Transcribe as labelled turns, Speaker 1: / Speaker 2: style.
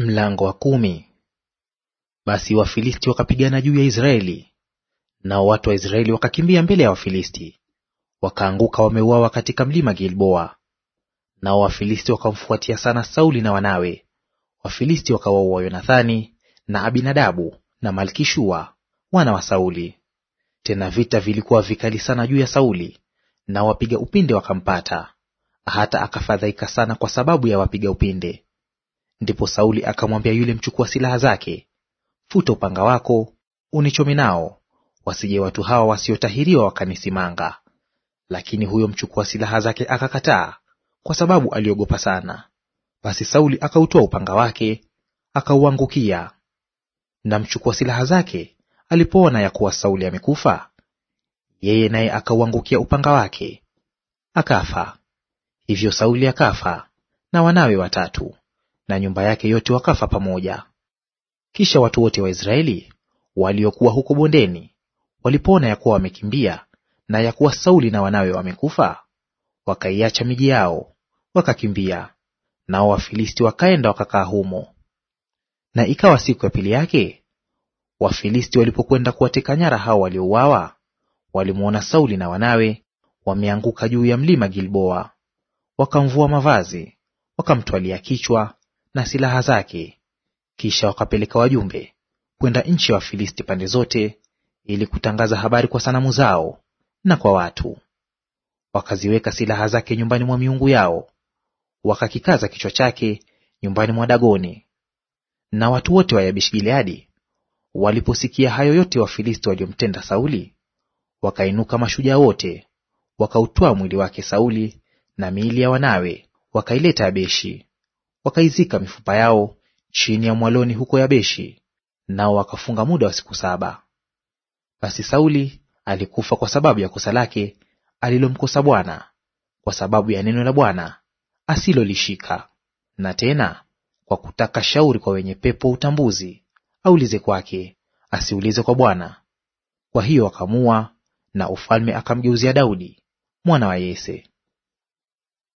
Speaker 1: Mlango wa kumi. Basi Wafilisti wakapigana juu ya Israeli, nao watu wa Israeli wakakimbia mbele ya Wafilisti, wakaanguka wameuawa katika mlima Gilboa. Nao Wafilisti wakamfuatia sana Sauli na wanawe. Wafilisti wakawaua Yonathani na Abinadabu na Malkishua wana wa Sauli. Tena vita vilikuwa vikali sana juu ya Sauli, na wapiga upinde wakampata, hata akafadhaika sana kwa sababu ya wapiga upinde Ndipo Sauli akamwambia yule mchukua silaha zake, futa upanga wako unichome nao, wasije watu hawa wasiotahiriwa wakanisimanga. Lakini huyo mchukua silaha zake akakataa, kwa sababu aliogopa sana. Basi Sauli akautoa upanga wake akauangukia. Na mchukua silaha zake alipoona ya kuwa Sauli amekufa, yeye naye akauangukia upanga wake akafa. Hivyo Sauli akafa na wanawe watatu na nyumba yake yote wakafa pamoja. Kisha watu wote wa Israeli waliokuwa huko bondeni walipoona ya kuwa wamekimbia na ya kuwa Sauli na wanawe wamekufa, wakaiacha miji yao wakakimbia, nao Wafilisti wakaenda wakakaa humo. Na ikawa siku ya pili yake, Wafilisti walipokwenda kuwateka nyara hao waliouawa, walimwona Sauli na wanawe wameanguka juu ya mlima Gilboa, wakamvua mavazi, wakamtwalia kichwa, na silaha zake. Kisha wakapeleka wajumbe kwenda nchi ya Wafilisti pande zote, ili kutangaza habari kwa sanamu zao na kwa watu. Wakaziweka silaha zake nyumbani mwa miungu yao, wakakikaza kichwa chake nyumbani mwa Dagoni. Na watu wote wa Yabeshi Gileadi waliposikia hayo yote Wafilisti waliomtenda Sauli, wakainuka mashujaa wote, wakautwaa mwili wake Sauli na miili ya wanawe, wakaileta Yabeshi wakaizika mifupa yao chini ya mwaloni huko Yabeshi, nao wakafunga muda wa siku saba. Basi Sauli alikufa kwa sababu ya kosa lake alilomkosa Bwana, kwa sababu ya neno la Bwana asilolishika, na tena kwa kutaka shauri kwa wenye pepo utambuzi, aulize kwake, asiulize kwa Bwana. Kwa hiyo akamua, na ufalme akamgeuzia Daudi mwana wa Yese.